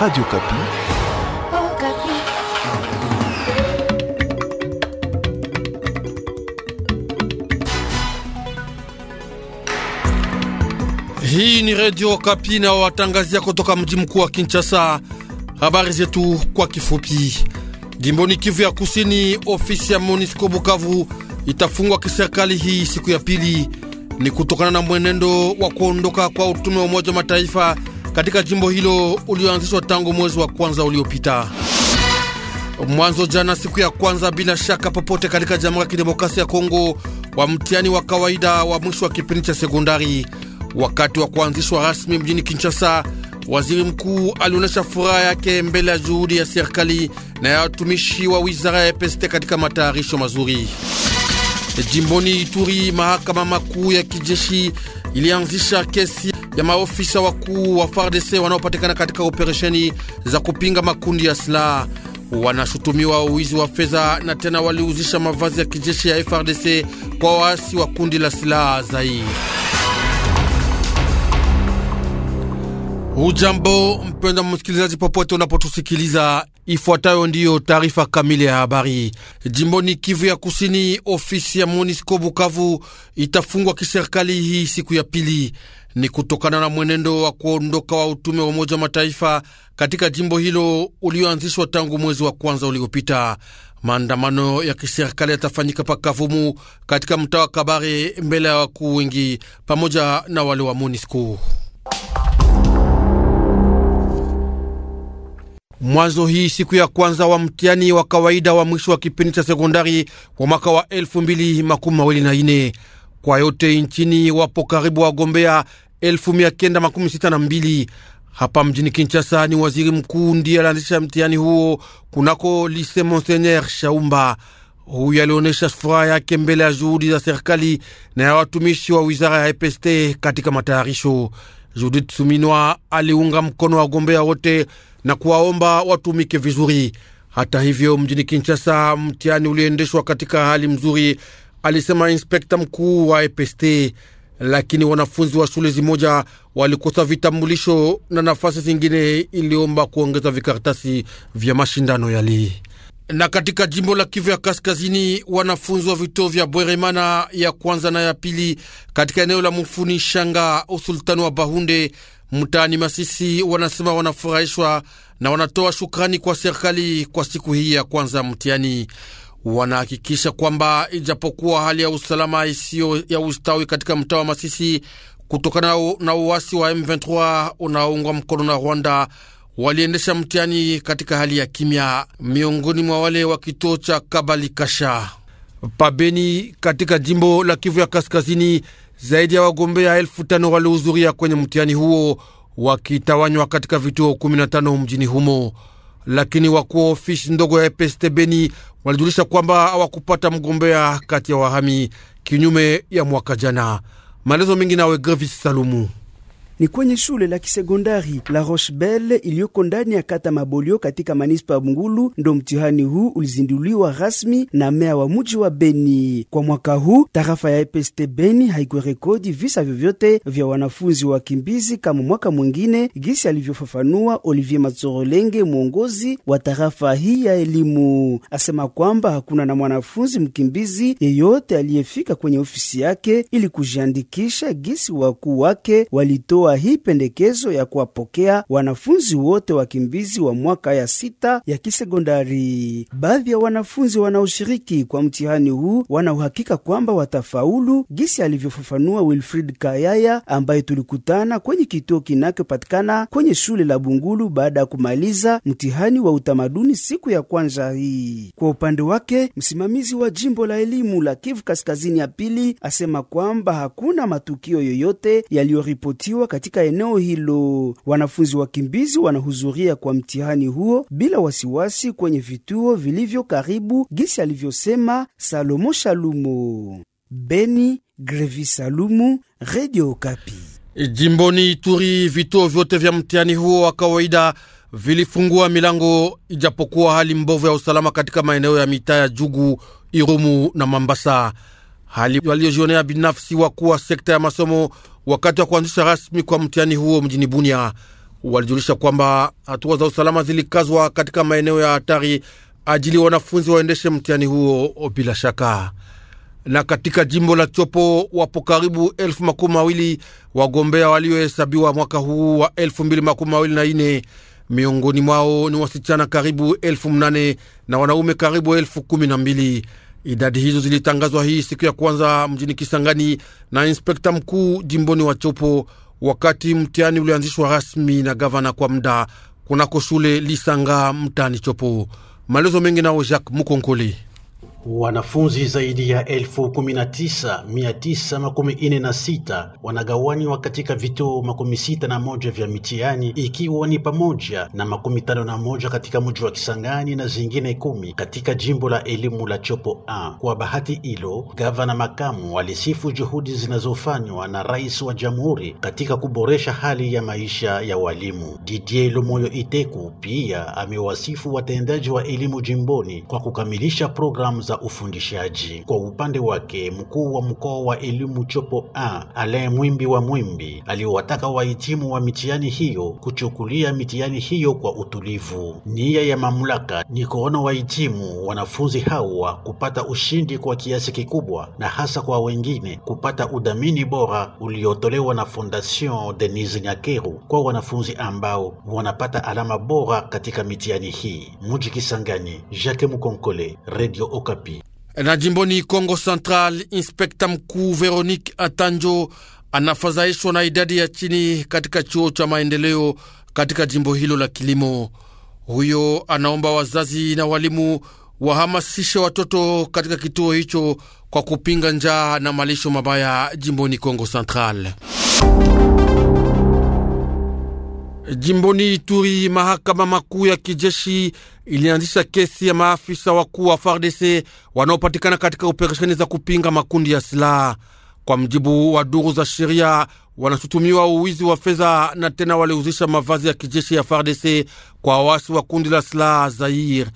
Radio Kapi. Oh, Kapi. Hii ni Radio Kapi na watangazia kutoka mji mkuu wa Kinshasa. Habari zetu kwa kifupi. Jimboni Kivu ya Kusini, ofisi ya Monisco Bukavu itafungwa kiserikali hii siku ya pili. Ni kutokana na mwenendo wa kuondoka kwa utume wa Umoja wa Mataifa katika jimbo hilo ulioanzishwa tangu mwezi wa kwanza uliopita. Mwanzo jana siku ya kwanza bila shaka popote katika Jamhuri ya Kidemokrasia ya Kongo wa mtihani wa kawaida wa mwisho wa kipindi cha sekondari. Wakati wa kuanzishwa rasmi mjini Kinshasa, waziri mkuu alionyesha furaha yake mbele ya juhudi ya serikali na ya watumishi wa wizara ya peste katika matayarisho mazuri. Jimboni Ituri, mahakama makuu ya kijeshi ilianzisha kesi ya maofisa wakuu wa FARDC wanaopatikana katika operesheni za kupinga makundi ya silaha wanashutumiwa uwizi wa fedha na tena waliuzisha mavazi ya kijeshi ya FRDC kwa waasi wa kundi la silaha zai ujambo mpenda msikilizaji, popote unapotusikiliza, ifuatayo ndiyo taarifa kamili ya habari. Jimboni Kivu ya Kusini, ofisi ya MONUSCO Bukavu itafungwa kiserikali hii siku ya pili ni kutokana na mwenendo wa kuondoka wa utume wa Umoja wa Mataifa katika jimbo hilo ulioanzishwa tangu mwezi wa kwanza uliopita. Maandamano ya kiserikali yatafanyika pakavumu katika mtaa wa Kabare mbele ya wakuu wengi pamoja na wale wa MONUSCO. Mwanzo hii siku ya kwanza wa mtihani wa kawaida wa mwisho wa kipindi cha sekondari wa mwaka wa elfu mbili makumi mawili na kwa yote nchini wapo karibu wagombea 1962 Hapa mjini Kinshasa ni waziri mkuu ndiye alianzisha mtihani huo kunako Lise Monseigneur Shaumba. Huyu alionyesha furaha yake mbele ya juhudi za serikali na ya watumishi wa wizara ya EPST katika matayarisho. Judith Suminwa aliunga mkono wagombea wote na kuwaomba watumike vizuri. Hata hivyo, mjini Kinshasa mtihani uliendeshwa katika hali mzuri alisema inspekta mkuu wa EPST. Lakini wanafunzi wa shule zimoja walikosa vitambulisho na nafasi zingine iliomba kuongeza vikaratasi vya mashindano yali na katika jimbo la Kivu ya Kaskazini, wanafunzi wa vituo vya Bweremana ya kwanza na ya pili katika eneo la Mufuni Shanga, usultani wa Bahunde, mtaani Masisi, wanasema wanafurahishwa na wanatoa shukrani kwa serikali kwa siku hii ya kwanza mtihani wanahakikisha kwamba ijapokuwa hali ya usalama isiyo ya ustawi katika mtaa wa Masisi kutokana na uasi wa M23 unaoungwa mkono na Rwanda waliendesha mtihani katika hali ya kimya, miongoni mwa wale wa kituo cha Kabalikasha pabeni katika jimbo la Kivu ya Kaskazini. Zaidi ya wagombea elfu tano walihudhuria kwenye mtihani huo wakitawanywa katika vituo 15 mjini humo lakini wakuu ofisi ndogo ya EPST Beni walijulisha kwamba hawakupata mgombea kati ya wahami, kinyume ya mwaka jana. Maelezo mengi nawe Grevis Salumu ni kwenye shule la kisekondari la Roche Belle iliyoko ndani ya kata Mabolio katika manispa ya Bungulu ndo mtihani huu ulizinduliwa rasmi na mea wa muji wa Beni. Kwa mwaka huu tarafa ya EPST Beni haikurekodi visa vyovyote vya wanafunzi wa wakimbizi kama mwaka mwingine, gisi alivyofafanua Olivier Matsorolenge, mwongozi wa tarafa hii ya elimu, asema kwamba hakuna na mwanafunzi mkimbizi yeyote aliyefika kwenye ofisi yake ili kujiandikisha, gisi wakuu wake walitoa kutoa hii pendekezo ya kuwapokea wanafunzi wote wakimbizi wa mwaka ya sita ya kisekondari. Baadhi ya wanafunzi wanaoshiriki kwa mtihani huu wana uhakika kwamba watafaulu, gisi alivyofafanua Wilfrid Kayaya ambaye tulikutana kwenye kituo kinachopatikana kwenye shule la Bungulu baada ya kumaliza mtihani wa utamaduni siku ya kwanza hii. Kwa upande wake, msimamizi wa jimbo la elimu la Kivu Kaskazini ya pili asema kwamba hakuna matukio yoyote yaliyoripotiwa katika eneo hilo, wanafunzi wakimbizi wanahudhuria kwa mtihani huo bila wasiwasi kwenye vituo vilivyo karibu, gisi alivyosema Salomo Shalumu. Beni, Grevi Salumu, Radio Kapi. E, jimboni Ituri, vituo vyote vya mtihani huo wa kawaida vilifungua milango, ijapokuwa hali mbovu ya usalama katika maeneo ya mitaa ya Jugu, Irumu na Mambasa, hali waliojionea binafsi wakuwa sekta ya masomo wakati wa kuanzisha rasmi kwa mtihani huo mjini Bunia. Walijulisha kwamba hatua za usalama zilikazwa katika maeneo ya hatari ajili wanafunzi waendeshe mtihani huo bila shaka. Na katika jimbo la Chopo wapo karibu elfu makumi mawili wagombea waliohesabiwa mwaka huu wa elfu mbili makumi mawili na ine miongoni mwao ni wasichana karibu elfu mnane na wanaume karibu elfu kumi na mbili. Idadi hizo zilitangazwa hii siku ya kwanza mjini Kisangani na inspekta mkuu jimboni wa Chopo wakati mtihani ulioanzishwa rasmi na gavana kwa muda kunako shule Lisanga mtani Chopo. Maelezo mengi nao Jacques Mukonkoli. Wanafunzi zaidi ya elfu kumi na tisa mia tisa makumi na sita wanagawanywa katika vituo makumi sita na moja vya mitihani ikiwa ni pamoja na makumi tano na moja katika mji wa Kisangani na zingine kumi katika jimbo la elimu la Chopo A. Kwa bahati hilo, gavana makamu walisifu juhudi zinazofanywa na rais wa jamhuri katika kuboresha hali ya maisha ya walimu. Didier Lumoyo Iteku pia amewasifu watendaji wa elimu jimboni kwa kukamilisha programu za ufundishaji. Kwa upande wake, mkuu wa mkoa wa elimu Chopo A Alaye Mwimbi wa Mwimbi aliwataka wahitimu wa mitihani hiyo kuchukulia mitihani hiyo kwa utulivu. Nia ya mamlaka ni kuona wahitimu wanafunzi hawa kupata ushindi kwa kiasi kikubwa, na hasa kwa wengine kupata udhamini bora uliotolewa na Fondation Denise Nyakeru kwa wanafunzi ambao wanapata alama bora katika mitihani hii. Muji Kisangani, Jacques Mukonkole, Radio Okapi. Okapi. Na jimboni Kongo Central, inspekta mkuu Veronique Atanjo anafadhaishwa na idadi ya chini katika chuo cha maendeleo katika jimbo hilo la kilimo. Huyo anaomba wazazi na walimu wahamasishe watoto katika kituo hicho kwa kupinga njaa na malisho mabaya jimboni Kongo Central. Jimboni Ituri, mahakama makuu ya kijeshi ilianzisha kesi ya maafisa wakuu wa FARDC wanaopatikana katika operesheni za kupinga makundi ya silaha. Kwa mjibu wa duru za sheria, wanashutumiwa uwizi wa fedha na tena waliuzisha mavazi ya kijeshi ya FARDC kwa wasi wa kundi la silaha Zair.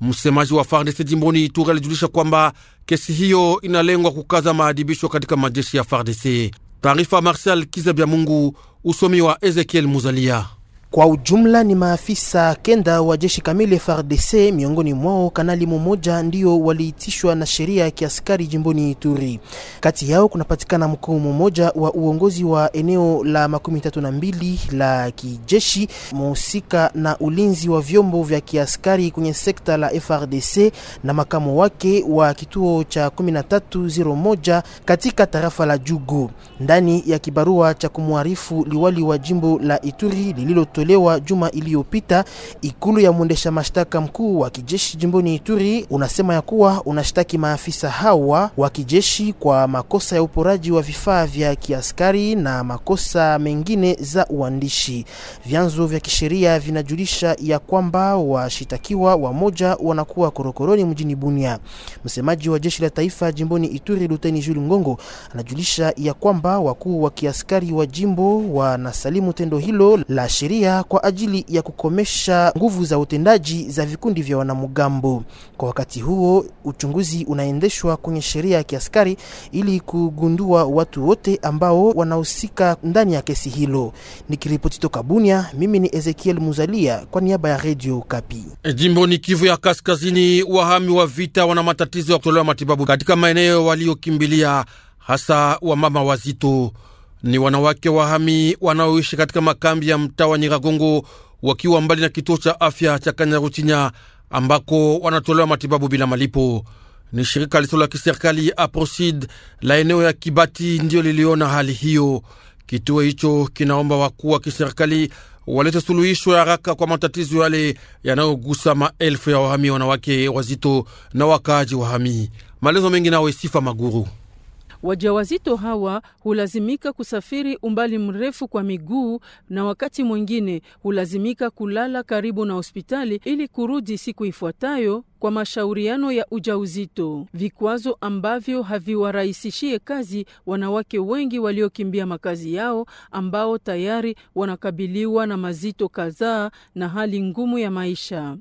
Msemaji wa FARDC jimboni Ituri alijulisha kwamba kesi hiyo inalengwa kukaza maadibisho katika majeshi ya FARDC. Taarifa Marsial Kizabya Mungu, usomi wa Ezekiel Muzalia. Kwa ujumla ni maafisa kenda wa jeshi kamili FARDC, miongoni mwao kanali mmoja ndio waliitishwa na sheria ya kiaskari jimboni Ituri. Kati yao kunapatikana mkuu mmoja wa uongozi wa eneo la makumi tatu na mbili la kijeshi muhusika na ulinzi wa vyombo vya kiaskari kwenye sekta la FARDC na makamo wake wa kituo cha 1301 katika tarafa la Jugu, ndani ya kibarua cha kumwarifu liwali wa jimbo la Ituri lililo uliotolewa juma iliyopita, ikulu ya mwendesha mashtaka mkuu wa kijeshi jimboni Ituri unasema ya kuwa unashtaki maafisa hawa wa kijeshi kwa makosa ya uporaji wa vifaa vya kiaskari na makosa mengine za uandishi. Vyanzo vya kisheria vinajulisha ya kwamba washitakiwa wamoja wanakuwa korokoroni mjini Bunia. Msemaji wa jeshi la taifa jimboni Ituri Luteni Jules Ngongo anajulisha ya kwamba wakuu wa kiaskari wa jimbo wanasalimu tendo hilo la sheria sheria kwa ajili ya kukomesha nguvu za utendaji za vikundi vya wanamgambo. Kwa wakati huo, uchunguzi unaendeshwa kwenye sheria ya kiaskari ili kugundua watu wote ambao wanahusika ndani ya kesi hilo. Nikiripoti toka Bunia, mimi ni Ezekiel Muzalia kwa niaba ya Radio Kapi. E, Jimboni Kivu ya Kaskazini, wahami wa vita wana matatizo ya kutolewa matibabu katika maeneo waliokimbilia, hasa wamama wazito ni wanawake wahami wanaoishi katika makambi ya mtaa wa Nyiragongo wakiwa mbali na kituo cha afya cha Kanyaruchinya ambako wanatolewa matibabu bila malipo. Ni shirika lisilo la kiserikali Aprocid la eneo ya Kibati ndiyo liliona hali hiyo. Kituo hicho kinaomba wakuu wa kiserikali walete suluhisho ya haraka kwa matatizo yale yanayogusa maelfu ya wahami wanawake wazito na wakaaji wahami. Maelezo mengi nawe Sifa Maguru. Wajawazito hawa hulazimika kusafiri umbali mrefu kwa miguu na wakati mwingine hulazimika kulala karibu na hospitali ili kurudi siku ifuatayo kwa mashauriano ya ujauzito, vikwazo ambavyo haviwarahisishie kazi wanawake wengi waliokimbia makazi yao, ambao tayari wanakabiliwa na mazito kadhaa na hali ngumu ya maisha.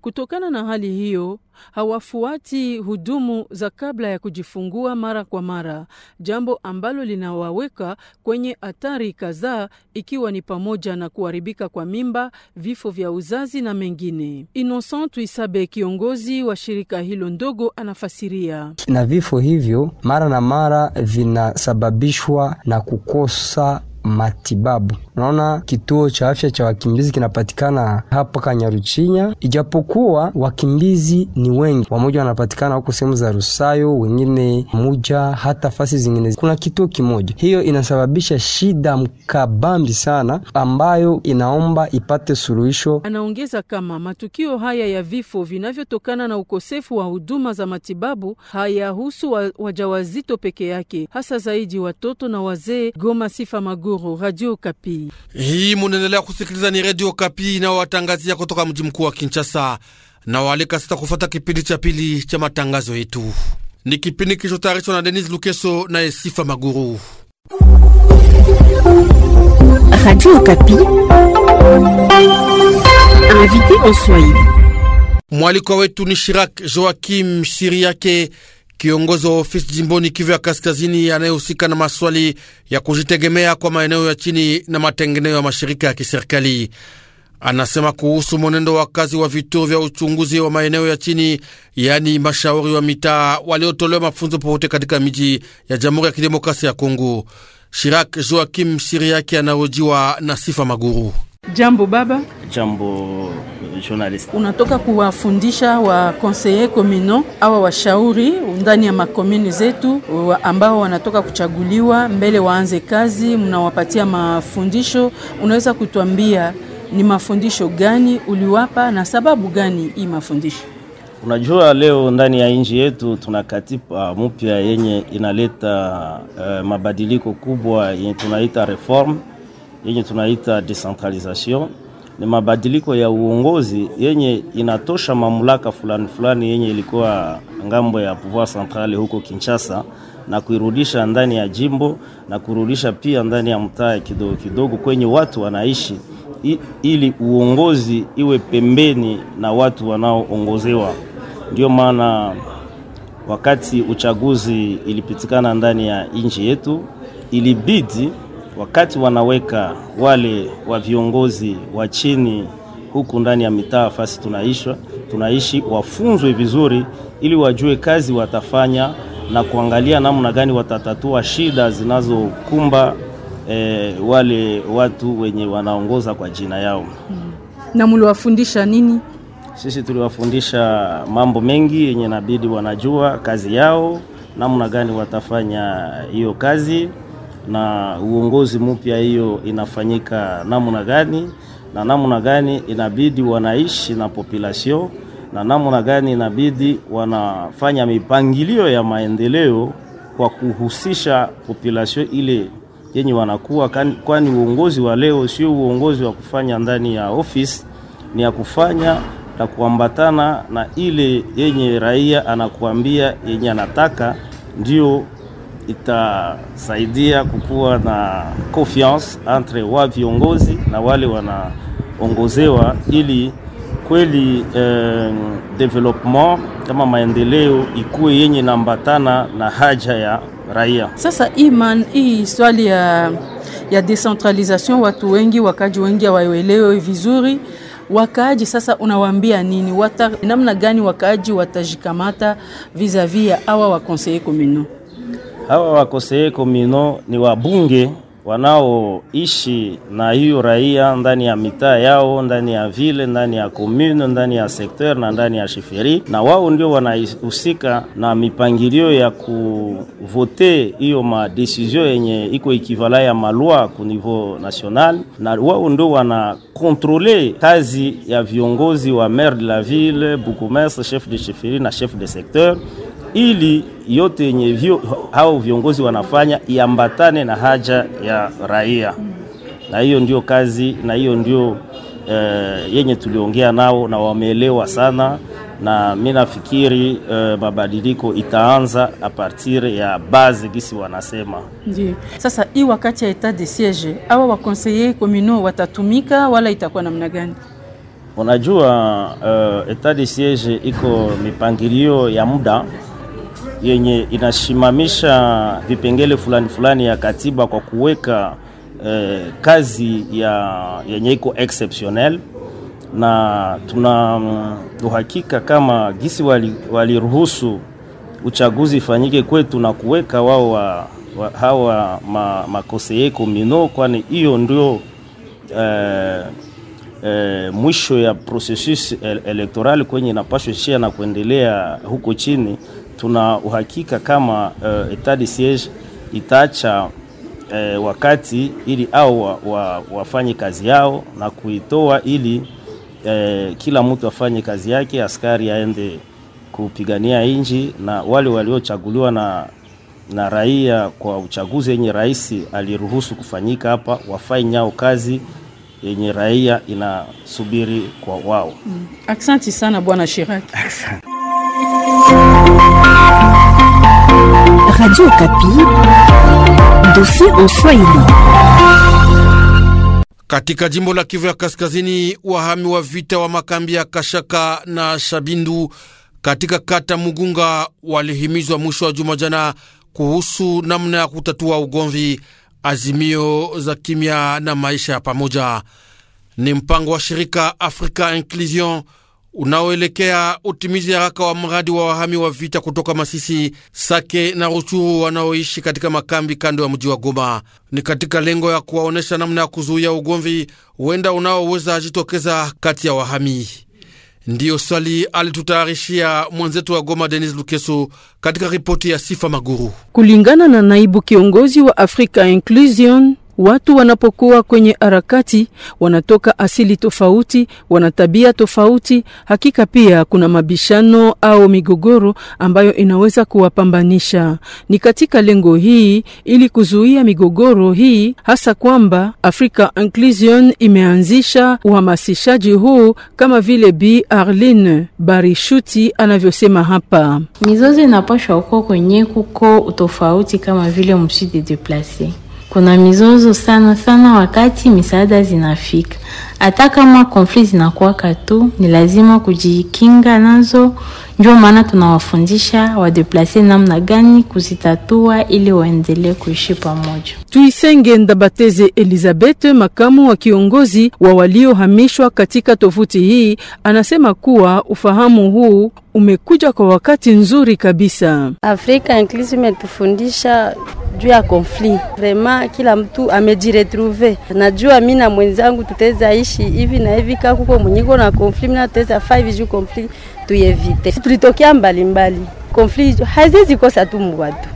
Kutokana na hali hiyo, hawafuati hudumu za kabla ya kujifungua mara kwa mara, jambo ambalo linawaweka kwenye hatari kadhaa, ikiwa ni pamoja na kuharibika kwa mimba, vifo vya uzazi na mengine. Innocent Isabe, kiongozi wa shirika hilo ndogo, anafasiria. Na vifo hivyo mara na mara vinasababishwa na kukosa matibabu. Unaona, kituo cha afya cha wakimbizi kinapatikana hapa Kanyaruchinya, ijapokuwa wakimbizi ni wengi, wamoja wanapatikana huko sehemu za Rusayo, wengine Muja, hata fasi zingine. Kuna kituo kimoja, hiyo inasababisha shida mkabambi sana, ambayo inaomba ipate suluhisho. Anaongeza kama matukio haya ya vifo vinavyotokana na ukosefu wa huduma za matibabu hayahusu wa, wajawazito peke yake, hasa zaidi watoto na wazee. Goma Sifa Magu Nguru, Radio Kapi. Hii munaendelea kusikiliza, ni Radio Kapi inayowatangazia kutoka mji mkuu wa Kinshasa na waalika sasa kufuata kipindi cha pili cha matangazo yetu. Ni kipindi kilichotayarishwa na Denis Lukeso na Esifa Maguru. Radio Kapi. Invité en Swahili. Mwalikwa wetu ni Shirak Joakim Siriake Kiongozi wa ofisi jimboni Kivu ya Kaskazini anayehusika na maswali ya kujitegemea kwa maeneo ya chini na matengeneo ya mashirika ya kiserikali anasema kuhusu mwenendo wa kazi wa vituo vya uchunguzi wa maeneo ya chini, yaani mashauri wa mitaa waliotolewa mafunzo popote katika miji ya Jamhuri ya Kidemokrasia ya Kongo. Shirak Joakim Siriaki anahojiwa na Sifa Maguru. Jambo baba. Jambo journalist. Unatoka kuwafundisha wa conseiller communaux awa washauri ndani ya makomini zetu ambao wanatoka kuchaguliwa mbele waanze kazi, mnawapatia mafundisho. Unaweza kutuambia ni mafundisho gani uliwapa na sababu gani hii mafundisho? Unajua, leo ndani ya nchi yetu tuna katiba mpya yenye inaleta uh, mabadiliko kubwa yenye tunaita reform yenye tunaita decentralization ni mabadiliko ya uongozi yenye inatosha mamlaka fulani fulani yenye ilikuwa ngambo ya pouvoir centrale huko Kinshasa na kuirudisha ndani ya jimbo na kurudisha pia ndani ya mtaa kidogo kidogo kwenye watu wanaishi, ili uongozi iwe pembeni na watu wanaoongozewa. Ndio maana wakati uchaguzi ilipitikana ndani ya nchi yetu ilibidi wakati wanaweka wale wa viongozi wa chini huku ndani ya mitaa fasi tunaishwa tunaishi, wafunzwe vizuri, ili wajue kazi watafanya na kuangalia namna gani watatatua shida zinazokumba e, wale watu wenye wanaongoza kwa jina yao. Hmm. Na mliwafundisha nini? Sisi tuliwafundisha mambo mengi yenye nabidi wanajua kazi yao, namna gani watafanya hiyo kazi na uongozi mpya, hiyo inafanyika namna gani na namna gani inabidi wanaishi na population na namna gani inabidi wanafanya mipangilio ya maendeleo kwa kuhusisha population ile yenye wanakuwa, kwani uongozi wa leo sio uongozi wa kufanya ndani ya office, ni ya kufanya na kuambatana na ile yenye raia anakuambia yenye anataka ndio itasaidia kukuwa na confiance entre wa viongozi na wale wanaongozewa, ili kweli eh, development kama maendeleo ikuwe yenye nambatana na haja ya raia. Sasa iman hii swali ya, ya decentralization, watu wengi wakaji wengi hawaelewe vizuri wakaaji sasa, unawaambia nini wata, namna gani wakaaji watajikamata vis-a-vis ya awa wa conseil communal? hawa wakoseyeko mino ni wabunge wanaoishi na hiyo raia ndani ya mitaa yao, ndani ya vile, ndani ya komune, ndani ya sekter na ndani ya shiferi, na wao ndio wanahusika na mipangilio ya kuvote hiyo madesizio yenye iko ikivala ya malwa ku niveau national, na wao ndio wanakontrole kazi ya viongozi wa maire de la ville, bukumestre, chef de shiferi na chef de secteur ili yote yenye hiyo hao viongozi wanafanya iambatane na haja ya raia, na hiyo ndio kazi na hiyo ndio e, yenye tuliongea nao na wameelewa sana, na mimi nafikiri e, mabadiliko itaanza a partir ya base gisi wanasema ndio. Sasa hii wakati ya etat de siege awa wakonseyer communaux watatumika wala itakuwa namna gani? Unajua uh, etat de siege iko mipangilio ya muda yenye inasimamisha vipengele fulani fulani ya katiba kwa kuweka eh, kazi ya yenye iko exceptionnel na tuna mm, uhakika kama gisi waliruhusu wali uchaguzi ifanyike kwetu na kuweka wao wa, wa, hawa ma, makoseye komino, kwani hiyo ndio eh, eh, mwisho ya processus electoral kwenye inapashwa shia na kuendelea huko chini tuna uhakika kama uh, eh, etat de siege itaacha uh, wakati ili au wa, wa, wafanye kazi yao na kuitoa ili uh, kila mtu afanye kazi yake, askari aende kupigania inji na wale waliochaguliwa na na raia kwa uchaguzi yenye rais aliruhusu kufanyika hapa, wafanyao kazi yenye raia inasubiri kwa wao. Mm. Asante sana Bwana Shiraki. Radio Okapi, dossier en Swahili. Katika jimbo la Kivu ya Kaskazini, wahami wa vita wa makambi ya Kashaka na Shabindu katika kata Mugunga walihimizwa mwisho wa juma jana kuhusu namna ya kutatua ugomvi, azimio za kimya na maisha ya pamoja. Ni mpango wa shirika Africa Inclusion unaoelekea utimizi haraka wa mradi wa wahami wa vita kutoka Masisi, Sake na Ruchuru wanaoishi katika makambi kando ya mji wa Goma. Ni katika lengo ya kuwaonyesha namna ya kuzuia ugomvi huenda unaoweza jitokeza kati ya wahami. Ndiyo swali alitutayarishia mwenzetu wa Goma, Denis Lukeso, katika ripoti ya Sifa Maguru. Kulingana na naibu kiongozi wa Africa Inclusion Watu wanapokuwa kwenye harakati wanatoka asili tofauti, wana tabia tofauti. Hakika pia kuna mabishano au migogoro ambayo inaweza kuwapambanisha. Ni katika lengo hii, ili kuzuia migogoro hii hasa, kwamba Africa Inclusion imeanzisha uhamasishaji huu, kama vile Bi Arline Barishuti anavyosema hapa. Mizozo inapashwa uko kwenye kuko utofauti, kama vile msidi deplase kuna mizozo sana sana wakati misaada zinafika. Hata kama konfli zinakuwa tu, ni lazima kujikinga nazo ndio maana tunawafundisha wadeplase namna gani kuzitatua ili waendelee kuishi pamoja. Tuisenge Ndabateze Elizabeth, makamu wa kiongozi wa waliohamishwa katika tovuti hii, anasema kuwa ufahamu huu umekuja kwa wakati nzuri kabisa. Afrika Inclusive imetufundisha juu ya konfli vrema, kila mtu amejiretrouve. Najua mi na mwenzangu tutaweza ishi hivi na hivi, kuko mwenyeko na konfli, mi natutaweza faa hivi juu konfli tuievite. Tulitokea mbalimbali, konflit hazizi kosa tu muwatu,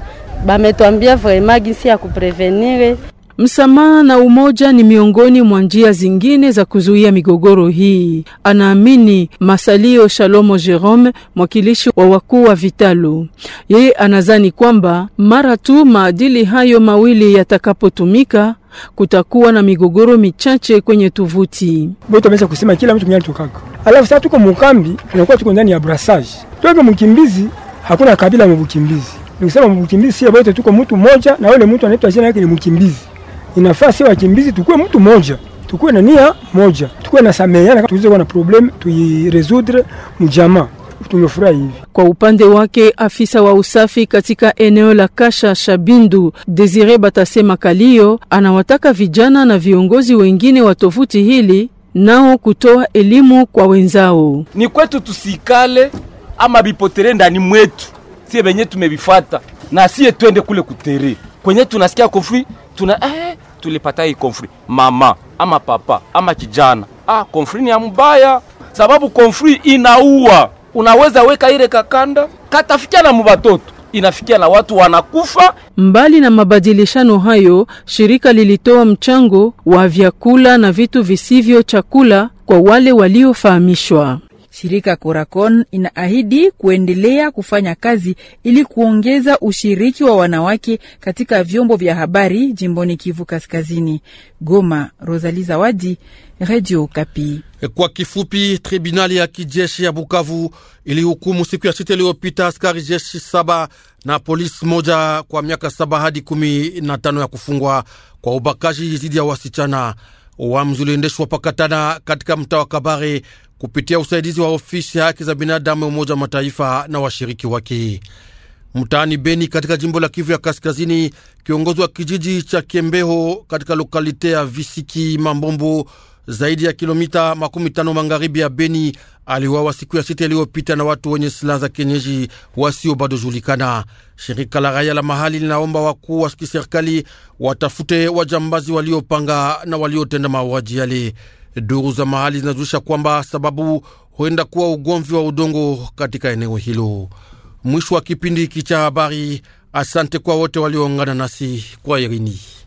bametwambia vraiment gisi ya kuprevenire. Msamaha na umoja ni miongoni mwa njia zingine za kuzuia migogoro hii, anaamini Masalio Shalomo Jerome, mwakilishi wa wakuu wa vitalu. Yeye anazani kwamba mara tu maadili hayo mawili yatakapotumika kutakuwa na migogoro michache kwenye tovuti. Boto ameweza kusema kila mtu mnyali tokaka, Alafu sasa tuko mukambi, tunakuwa tuko ndani ya brassage. Tuko mkimbizi, hakuna kabila la mkimbizi. Nikisema mkimbizi sio bote, tuko mtu mmoja na yule mtu anaitwa jina yake ni mkimbizi. Inafaa sio wakimbizi tukue mtu mmoja. Tukue na nia moja. Tukue na sameheana, tuweze kuwa na problem tuiresoudre mjamaa tumefurahi hivi. Kwa upande wake, afisa wa usafi katika eneo la Kasha Shabindu Desire Batasema Kalio anawataka vijana na viongozi wengine wa tovuti hili nao kutoa elimu kwa wenzao. Ni kwetu tusikale ama bipotere ndani mwetu, sie benye tumebifata na sie twende kule kutere kwenye tunasikia konfli tuna eh, tulipata hii konfli mama ama papa ama kijana. Ah, konfli ni ya mbaya sababu konfli inaua unaweza weka ile kakanda katafikia na mubatoto inafikia na watu wanakufa. Mbali na mabadilishano hayo, shirika lilitoa mchango wa vyakula na vitu visivyo chakula kwa wale waliofahamishwa. Shirika Coracon inaahidi kuendelea kufanya kazi ili kuongeza ushiriki wa wanawake katika vyombo vya habari jimboni Kivu Kaskazini. Goma, Rosalie Zawadi, Radio Kapi. E kwa kifupi, tribunali ya kijeshi ya Bukavu ilihukumu siku ya sita iliyopita askari jeshi saba na polisi moja kwa miaka saba hadi kumi na tano ya kufungwa kwa ubakaji dhidi ya wasichana. Uamuzi uliendeshwa pakatana katika mtaa wa Kabare kupitia usaidizi wa ofisi ya haki za binadamu ya Umoja wa Mataifa na washiriki wake. Mtaani Beni katika jimbo la Kivu ya Kaskazini, kiongozi wa kijiji cha Kembeho katika lokalite ya Visiki Mambombo zaidi ya kilomita makumi tano magharibi ya Beni. Aliwawa siku ya sita iliyopita na watu wenye silaha za kienyeji wasio bado julikana. Shirika la raia la mahali linaomba wakuu wa kiserikali watafute wajambazi waliopanga na waliotenda mauaji yale. Duru za mahali zinajulisha kwamba sababu huenda kuwa ugomvi wa udongo katika eneo hilo. Mwisho wa kipindi hiki cha habari. Asante kwa wote walioungana nasi kwa Irini.